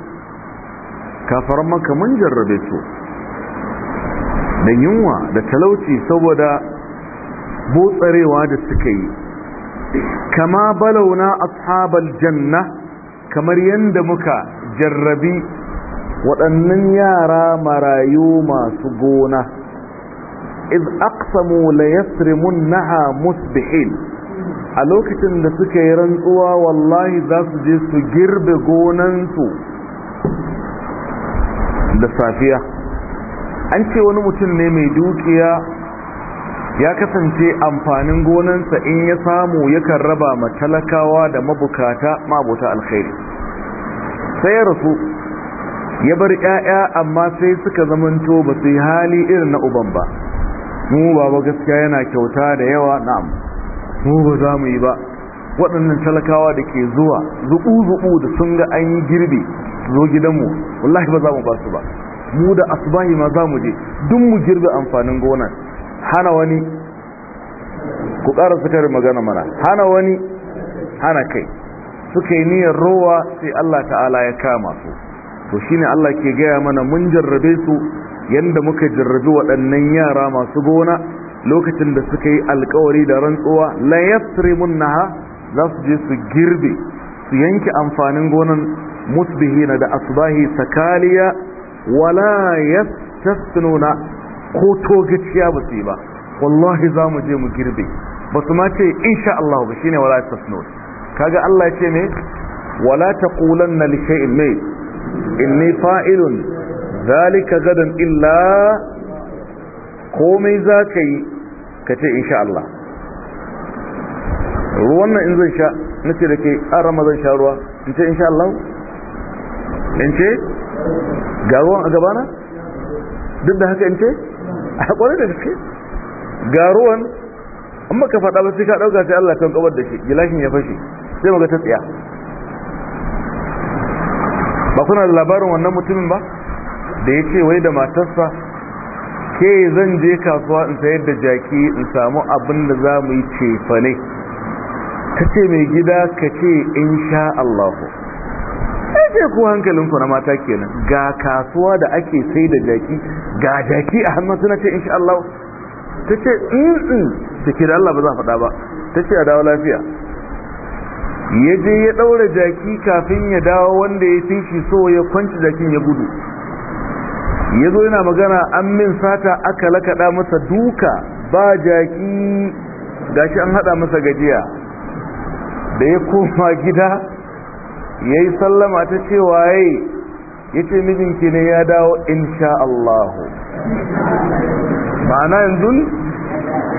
kafaran maka mun jarrabe su da yunwa da talauci saboda botsarewa da suka yi kama balauna ashabal janna kamar yadda muka jarrabi waɗannan yara marayu masu gona iz aqsamu la yasrimunnaha musbihin a lokacin da suka yi rantsuwa wallahi za su je su girbe gonansu da safiya an ce wani mutum ne mai dukiya ya kasance amfanin gonansa in ya samu yakan raba ma talakawa da mabukata mabuta alkhairi sai ya rasu ya bar 'ya'ya amma sai suka zamanto ba su yi hali irin na uban ba mu baba gaskiya yana kyauta da yawa na'am mu ba za mu yi ba waɗannan talakawa da ke zuwa zuɓu-zuɓu da sun ga an yi girbi zo gidanmu wallahi ba za mu ba su ba mu da asubahi ma za mu je duk mu girbe amfanin gona hana wani ku ƙara kare magana mana hana wani hana kai suka yi niyyar rowa sai Allah ta'ala ya kama su to shine Allah ke gaya mana mun jarrabe su yanda muka jarrabi waɗannan yara masu gona lokacin da suka yi alkawari da rantsuwa la naha za su je su girbe su yanke amfanin gonan musbihina da asbahi sakaliya wala ya yastasnuna ko togaciya ba su yi ba wallahi za mu je mu girbe ba su ma ce insha Allah ba ne wala ya yastasnun kaga Allah ya ce me wala ta taqulanna li shay'in me inni fa'ilun zalika gadon illa komai za ka yi ka ce insha Allah ruwan na in zan sha nace da ke a rama zan sha ruwa in ce insha Allah in ce ga a gabana duk da haka in ce a kwanar da gaske ga an maka faɗa ba sai ka ɗauka sai Allah kan kabar da shi gilashin ya fashe sai maka ta tsaya ba kuna da labarin wannan mutumin ba da ya ce wai da matarsa ke zan je kasuwa in sayar da jaki in samu abin da za mu yi cefane ta ce mai gida ka ce in sha Allahu ce ku hankalinku na mata kenan ga kasuwa da ake sai da jaki ga jaki a hannun suna ce insha Allah ta ce in ciki da Allah ba za a faɗa ba ta ce a dawo lafiya ya je ya ɗaura jaki kafin ya dawo wanda ya fi shi so ya kwanci jakin ya gudu ya zo yana magana an min sata aka lakaɗa masa duka ba jaki gashi an haɗa masa gajiya da ya koma gida Yayi sallama ta ce waye ya ce mijinki ne ya dawo insha Allahu ma'ana yanzu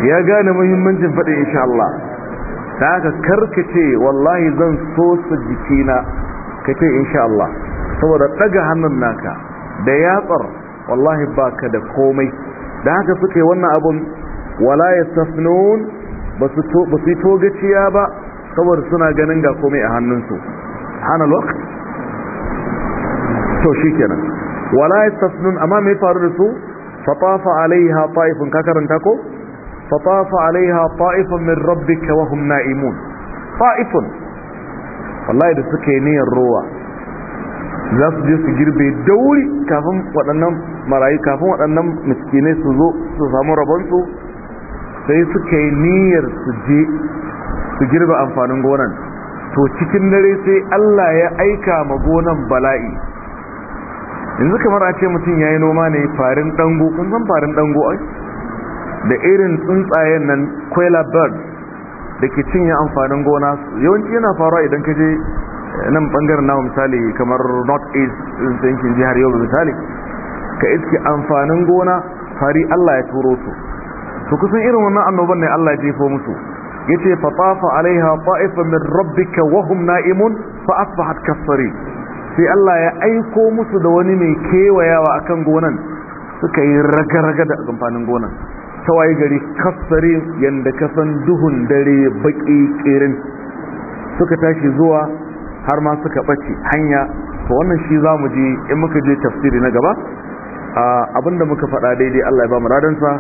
ya gane muhimmancin faɗin insha Allah ta haka ce, wallahi zan so su jikina ka ce insha Allah saboda ɗaga hannun naka da yatsar wallahi baka da komai da haka suke wannan abun wala yastafnun ba su yi togaciya ba saboda suna ganin ga komai a hannunsu حان الوقت تو شي kenan ولا yastasnun amma me faru da su fatafa alaiha ta'ifun ka karanta ko fatafa alaiha ta'ifun min rabbika wa hum na'imun da suke niyyar ruwa za su je su girbe dauri kafin waɗannan marayu kafin waɗannan miskinai su zo su samu rabonsu sai suka yi niyyar su su girbe amfanin gonan to cikin dare sai Allah ya aika ma gonan bala'i yanzu kamar a ce mutum ya yi noma ne farin dango kun san farin dango ai da irin tsuntsayen nan kwela bird da ke cinye amfanin gona yawanci yana faruwa idan ka je nan bangaren nawa misali kamar north east in yankin jihar yau misali ka iske amfanin gona fari Allah ya turo su to kusan irin wannan annoban ne Allah ya jefo musu yace fa tafa alaiha ta'ifun min rabbika wa hum na'imun fa asbahat kasari sai Allah ya aiko musu da wani mai kewayawa akan gonan suka yi raga-raga da amfanin gonan tawaye gari kafari yanda kasan duhun dare baki kirin suka tashi zuwa har ma suka bace hanya to wannan shi zamu je in muka je tafsiri na gaba ah, abinda muka faɗa daidai Allah ya ba mu radansa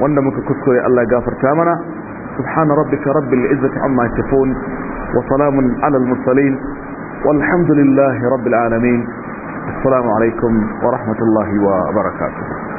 wanda muka kuskure Allah ya gafarta mana سبحان ربك رب العزة عما يصفون وسلام على المرسلين والحمد لله رب العالمين السلام عليكم ورحمة الله وبركاته